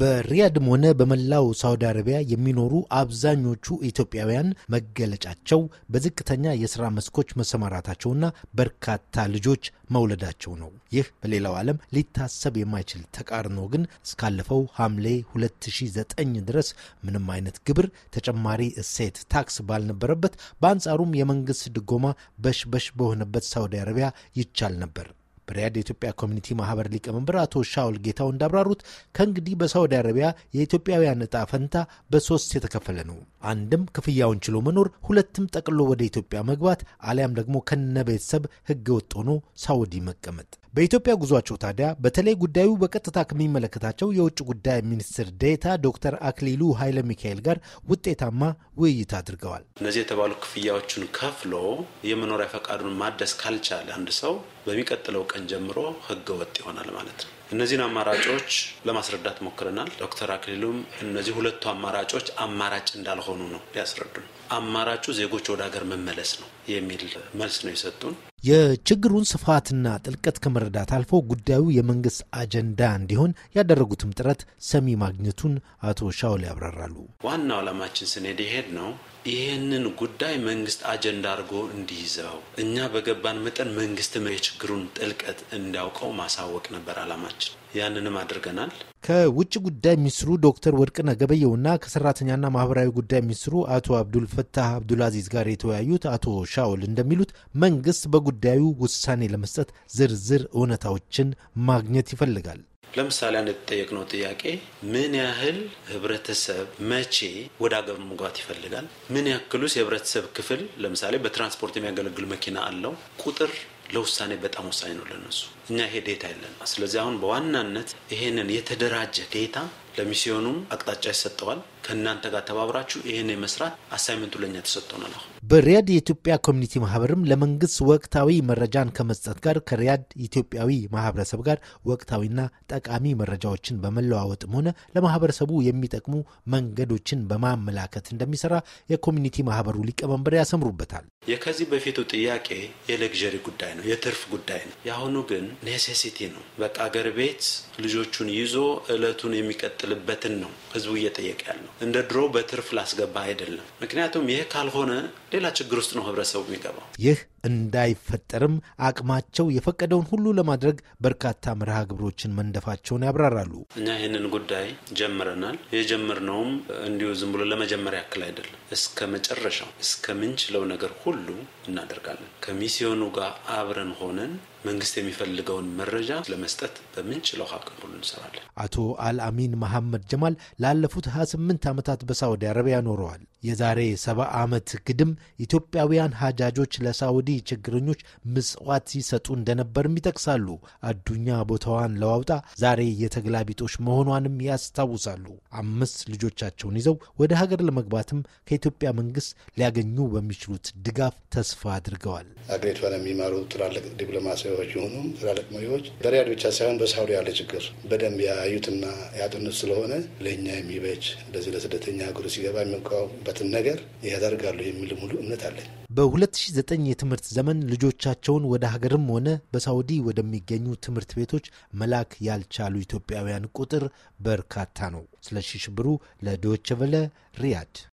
በሪያድም ሆነ በመላው ሳውዲ አረቢያ የሚኖሩ አብዛኞቹ ኢትዮጵያውያን መገለጫቸው በዝቅተኛ የስራ መስኮች መሰማራታቸውና በርካታ ልጆች መውለዳቸው ነው። ይህ በሌላው ዓለም ሊታሰብ የማይችል ተቃርኖ ግን እስካለፈው ሐምሌ 2009 ድረስ ምንም አይነት ግብር፣ ተጨማሪ እሴት ታክስ ባልነበረበት፣ በአንጻሩም የመንግስት ድጎማ በሽበሽ በሆነበት ሳውዲ አረቢያ ይቻል ነበር። በሪያድ የኢትዮጵያ ኮሚኒቲ ማህበር ሊቀመንበር አቶ ሻውል ጌታው እንዳብራሩት ከእንግዲህ በሳውዲ አረቢያ የኢትዮጵያውያን እጣ ፈንታ በሶስት የተከፈለ ነው። አንድም ክፍያውን ችሎ መኖር፣ ሁለትም ጠቅሎ ወደ ኢትዮጵያ መግባት፣ አሊያም ደግሞ ከነ ቤተሰብ ህገ ወጥ ሆኖ ሳውዲ መቀመጥ። በኢትዮጵያ ጉዟቸው ታዲያ በተለይ ጉዳዩ በቀጥታ ከሚመለከታቸው የውጭ ጉዳይ ሚኒስትር ዴታ ዶክተር አክሊሉ ኃይለ ሚካኤል ጋር ውጤታማ ውይይት አድርገዋል። እነዚህ የተባሉ ክፍያዎችን ከፍሎ የመኖሪያ ፈቃዱን ማደስ ካልቻለ አንድ ሰው በሚቀጥለው ቀን ጀምሮ ህገወጥ ይሆናል ማለት ነው። እነዚህን አማራጮች ለማስረዳት ሞክረናል። ዶክተር አክሊሉም እነዚህ ሁለቱ አማራጮች አማራጭ እንዳልሆኑ ነው ያስረዱን። አማራጩ ዜጎች ወደ ሀገር መመለስ ነው የሚል መልስ ነው የሰጡን። የችግሩን ስፋትና ጥልቀት ከመረዳት አልፎ ጉዳዩ የመንግስት አጀንዳ እንዲሆን ያደረጉትም ጥረት ሰሚ ማግኘቱን አቶ ሻውል ያብራራሉ። ዋናው ዓላማችን ስንሄድ ይሄድ ነው ይህንን ጉዳይ መንግስት አጀንዳ አድርጎ እንዲይዘው እኛ በገባን መጠን መንግስትም የችግሩን ጥልቀት እንዲያውቀው ማሳወቅ ነበር አላማችን። ያንንም አድርገናል። ከውጭ ጉዳይ ሚኒስትሩ ዶክተር ወርቅነህ ገበየሁና ከሰራተኛና ማህበራዊ ጉዳይ ሚኒስትሩ አቶ አብዱልፈታህ አብዱልአዚዝ ጋር የተወያዩት አቶ ሻውል እንደሚሉት መንግስት በጉዳዩ ውሳኔ ለመስጠት ዝርዝር እውነታዎችን ማግኘት ይፈልጋል። ለምሳሌ አንድ የተጠየቅነው ጥያቄ ምን ያህል ህብረተሰብ መቼ ወደ አገር መግባት ይፈልጋል? ምን ያክሉስ የህብረተሰብ ክፍል ለምሳሌ በትራንስፖርት የሚያገለግል መኪና አለው? ቁጥር ለውሳኔ በጣም ወሳኝ ነው ለነሱ። እኛ ይሄ ዴታ የለን። ስለዚህ አሁን በዋናነት ይሄንን የተደራጀ ዴታ ለሚስዮኑም አቅጣጫ ይሰጠዋል። ከእናንተ ጋር ተባብራችሁ ይህን የመስራት አሳይመንቱ ለእኛ ተሰጥቶናል አሁን በሪያድ የኢትዮጵያ ኮሚኒቲ ማህበርም ለመንግስት ወቅታዊ መረጃን ከመስጠት ጋር ከሪያድ ኢትዮጵያዊ ማህበረሰብ ጋር ወቅታዊና ጠቃሚ መረጃዎችን በመለዋወጥም ሆነ ለማህበረሰቡ የሚጠቅሙ መንገዶችን በማመላከት እንደሚሰራ የኮሚኒቲ ማህበሩ ሊቀመንበር ያሰምሩበታል። የከዚህ በፊቱ ጥያቄ የለግዠሪ ጉዳይ ነው፣ የትርፍ ጉዳይ ነው። የአሁኑ ግን ኔሴሲቲ ነው። በቃ አገር ቤት ልጆቹን ይዞ እለቱን የሚቀጥልበትን ነው ህዝቡ እየጠየቀ ያለው። እንደ ድሮ በትርፍ ላስገባ አይደለም። ምክንያቱም ይህ ካልሆነ ሌላ ችግር ውስጥ ነው ህብረተሰቡ የሚገባው። ይህ እንዳይፈጠርም አቅማቸው የፈቀደውን ሁሉ ለማድረግ በርካታ መርሃ ግብሮችን መንደፋቸውን ያብራራሉ። እኛ ይህንን ጉዳይ ጀምረናል። የጀመርነውም እንዲሁ ዝም ብሎ ለመጀመሪያ ያክል አይደለም። እስከ መጨረሻው እስከምንችለው ነገር ሁሉ እናደርጋለን። ከሚስዮኑ ጋር አብረን ሆነን መንግስት የሚፈልገውን መረጃ ለመስጠት በምንችለው አቅም ሁሉ እንሰራለን። አቶ አልአሚን መሐመድ ጀማል ላለፉት 28 ዓመታት በሳዑዲ አረቢያ ኖረዋል። የዛሬ ሰባ ዓመት ግድም ኢትዮጵያውያን ሀጃጆች ለሳዑዲ ችግረኞች ምጽዋት ሲሰጡ እንደነበርም ይጠቅሳሉ። አዱኛ ቦታዋን ለዋውጣ ዛሬ የተግላቢጦች መሆኗንም ያስታውሳሉ። አምስት ልጆቻቸውን ይዘው ወደ ሀገር ለመግባትም ከኢትዮጵያ መንግስት ሊያገኙ በሚችሉት ድጋፍ ተስፋ አድርገዋል። ሀገሪቷን የሚመሩ ትላልቅ ዲፕሎማሲ ሰዎች የሆኑ ትላልቅ መሪዎች በሪያድ ብቻ ሳይሆን በሳውዲ ያለ ችግር በደንብ ያዩትና ያጥኑት ስለሆነ ለእኛ የሚበጅ እንደዚህ ለስደተኛ ሀገሩ ሲገባ የሚቋቋሙበትን ነገር ያደርጋሉ የሚል ሙሉ እምነት አለን በ በ2009 የትምህርት ዘመን ልጆቻቸውን ወደ ሀገርም ሆነ በሳውዲ ወደሚገኙ ትምህርት ቤቶች መላክ ያልቻሉ ኢትዮጵያውያን ቁጥር በርካታ ነው። ስለሺ ሽብሩ ሪያድ